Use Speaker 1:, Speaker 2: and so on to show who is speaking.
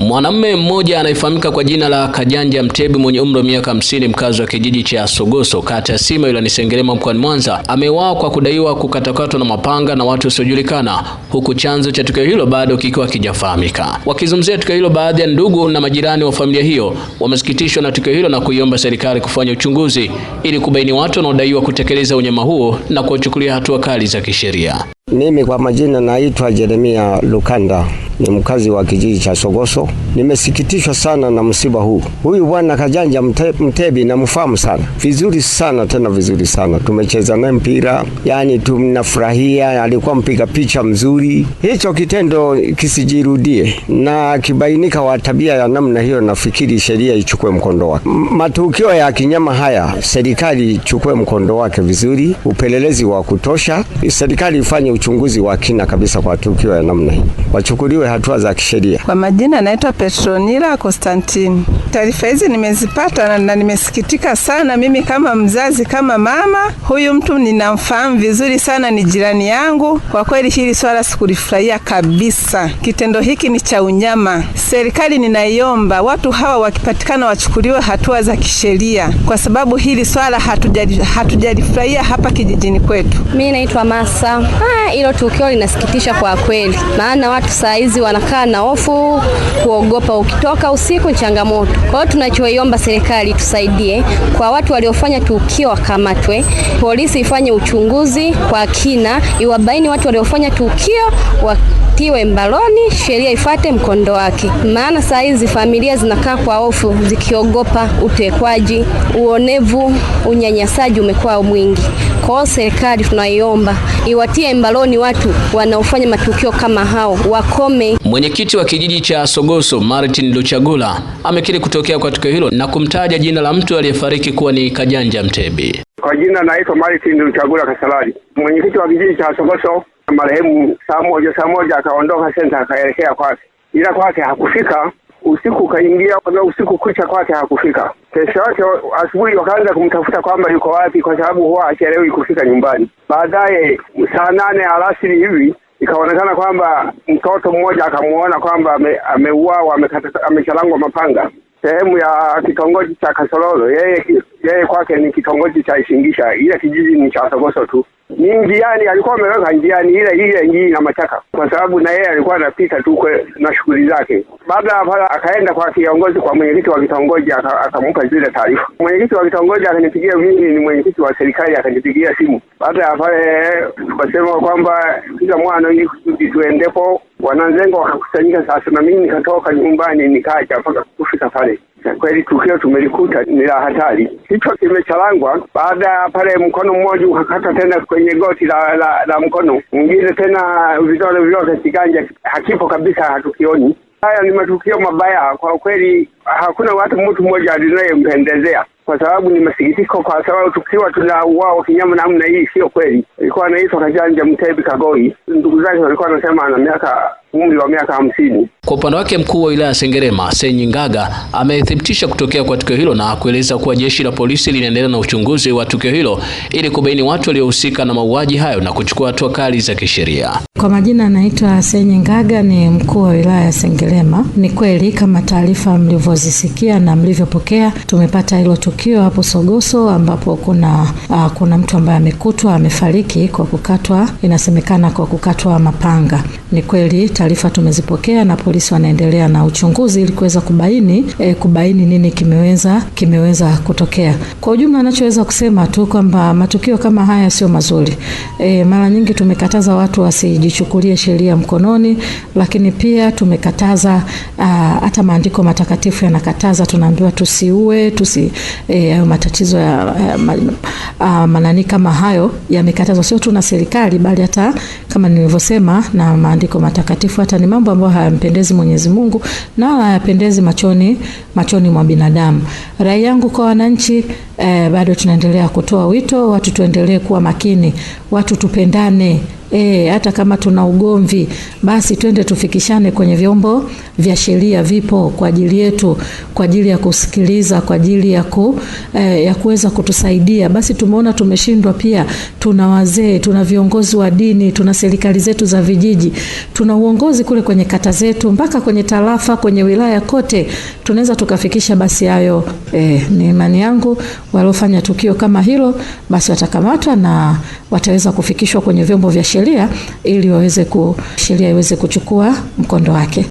Speaker 1: Mwanamume mmoja anayefahamika kwa jina la Kajanja Mtebi mwenye umri wa miaka hamsini mkazi wa kijiji cha Sogoso kata ya Sima wilayani Sengerema mkoani Mwanza ameuawa kwa kudaiwa kukatakatwa na mapanga na watu wasiojulikana, huku chanzo cha tukio hilo bado kikiwa kijafahamika. Wakizungumzia tukio hilo, baadhi ya ndugu na majirani wa familia hiyo wamesikitishwa na tukio hilo na kuiomba serikali kufanya uchunguzi ili kubaini watu wanaodaiwa kutekeleza unyama huo na kuwachukulia hatua kali za kisheria.
Speaker 2: Mimi kwa majina naitwa Jeremia Lukanda, ni mkazi wa kijiji cha Sogoso. Nimesikitishwa sana na msiba huu. Huyu bwana Kajanja mte, Mtebi namfahamu sana vizuri sana tena vizuri sana, tumecheza naye mpira, yaani tunafurahia, alikuwa mpiga picha mzuri. Hicho kitendo kisijirudie, na kibainika wa tabia ya namna hiyo, nafikiri sheria ichukue mkondo wake. Matukio ya kinyama haya, serikali ichukue mkondo wake vizuri, upelelezi wa kutosha, serikali ifanye uchunguzi wa kina kabisa kwa tukio ya namna hii, wachukuliwe hatua za kisheria.
Speaker 3: Kwa majina naitwa Petronila Konstantini. Taarifa hizi nimezipata na, na nimesikitika sana. Mimi kama mzazi, kama mama, huyu mtu ninamfahamu vizuri sana, ni jirani yangu. Kwa kweli hili swala sikulifurahia kabisa. Kitendo hiki ni cha unyama. Serikali ninaiomba, watu hawa wakipatikana wachukuliwe hatua za kisheria, kwa sababu hili swala hatujalifurahia hapa kijijini kwetu.
Speaker 4: Mimi naitwa Masa. Ah, hilo tukio linasikitisha kwa kweli, maana watu saa hizi wanakaa na hofu kuogopa kuogopa, ukitoka usiku ni changamoto. Kwa hiyo tunachoiomba serikali tusaidie, kwa watu waliofanya tukio wakamatwe, polisi ifanye uchunguzi kwa kina, iwabaini watu waliofanya tukio wa iwe mbaloni, sheria ifate mkondo wake, maana saa hizi familia zinakaa kwa hofu zikiogopa utekwaji, uonevu, unyanyasaji umekuwa mwingi. Kwa hiyo serikali tunaiomba iwatie mbaloni watu wanaofanya matukio kama hao, wakome.
Speaker 1: Mwenyekiti wa kijiji cha Sogoso Martin Luchagula amekiri kutokea kwa tukio hilo na kumtaja jina la mtu aliyefariki kuwa ni Kajanja Mtebi.
Speaker 5: Kwa jina naitwa Martin Luchagula kasalari mwenyekiti wa kijiji cha Sokoso. Marehemu saa moja saa moja akaondoka senta akaelekea kwake, ila kwake hakufika usiku ukaingia na usiku kucha kwake hakufika. Kesho yake asubuhi wakaanza kumtafuta kwamba yuko wapi, kwa sababu huwa hachelewi kufika nyumbani. Baadaye saa nane alasiri hivi ikaonekana kwamba mtoto mmoja akamuona kwamba ameuawa, ame amechalangwa mapanga sehemu ya kitongoji cha Kasololo, yeye yeye kwake ni kitongoji cha Isingisha, ile kijiji ni cha Sogoso tu. Ni njiani, alikuwa ameweka njiani ile ile njii na machaka, kwa sababu na yeye alikuwa anapita tu na shughuli zake. Baada ya pale, akaenda kwa kiongozi, kwa mwenyekiti wa kitongoji, akampa zile taarifa. Mwenyekiti wa kitongoji akanipigia mimi, ni mwenyekiti wa serikali, akanipigia simu. Baada ya pale, tukasema kwamba kila mwana ili kusudi tuendepo. Wananzengo wakakusanyika sasa, na mimi nikatoka nyumbani nikaja mpaka kufika pale na kweli tukio tumelikuta ni la hatari. Hicho kimechalangwa baada ya pale mkono mmoja ukakata tena kwenye goti la la, la mkono mwingine, tena vidole vyote, kiganja hakipo kabisa, hatukioni. Haya ni matukio mabaya kwa kweli, hakuna watu mtu mmoja alinayempendezea kwa sababu ni masikitiko, kwa sababu tukiwa tuna tunauawa kinyama namna hii sio kweli. Alikuwa anaitwa Kajanja Mtebi Kagoi, ndugu zake walikuwa anasema ana miaka umri wa miaka hamsini.
Speaker 1: Kwa upande wake mkuu wa wilaya ya Sengerema Senyingaga amethibitisha kutokea kwa tukio hilo na kueleza kuwa jeshi la polisi linaendelea na uchunguzi wa tukio hilo ili kubaini watu waliohusika na mauaji hayo na kuchukua hatua kali za kisheria.
Speaker 6: Kwa majina anaitwa Senyingaga, ni mkuu wa wilaya ya Sengerema. Ni kweli kama taarifa mlivyozisikia na mlivyopokea, tumepata hilo tukio hapo Sogoso ambapo kuna uh, kuna mtu ambaye amekutwa amefariki kwa kukatwa, inasemekana kwa kukatwa mapanga. Ni kweli taarifa tumezipokea na polisi wanaendelea na uchunguzi ili kuweza kubaini e, kubaini nini kimeweza kimeweza kutokea. Kwa ujumla, anachoweza kusema tu kwamba matukio kama haya sio mazuri. E, mara nyingi tumekataza watu wasijichukulie sheria mkononi, lakini pia tumekataza ah, hata maandiko matakatifu yanakataza, tunaambiwa tusiue, tusi e, matatizo ya a, ah, manani kama hayo yamekatazwa sio tu na serikali bali hata kama nilivyosema na maandiko matakatifu, hata ni mambo ambayo hayampendezi hayampendezi Mwenyezi Mungu na hayapendezi machoni, machoni mwa binadamu. Rai yangu kwa wananchi eh, bado tunaendelea kutoa wito, watu tuendelee kuwa makini, watu tupendane e, hata kama tuna ugomvi basi twende tufikishane kwenye vyombo vya sheria, vipo kwa ajili yetu, kwa ajili ya kusikiliza, kwa ajili ya ku, e, ya kuweza kutusaidia. Basi tumeona tumeshindwa, pia tuna wazee, tuna viongozi wa dini, tuna serikali zetu za vijiji, tuna uongozi kule kwenye kata zetu, mpaka kwenye tarafa, kwenye wilaya, kote tunaweza tukafikisha basi hayo. E, ni imani yangu waliofanya tukio kama hilo basi watakamatwa na wataweza kufikishwa kwenye vyombo vya sheria sheria ili waweze sheria iweze kuchukua mkondo wake.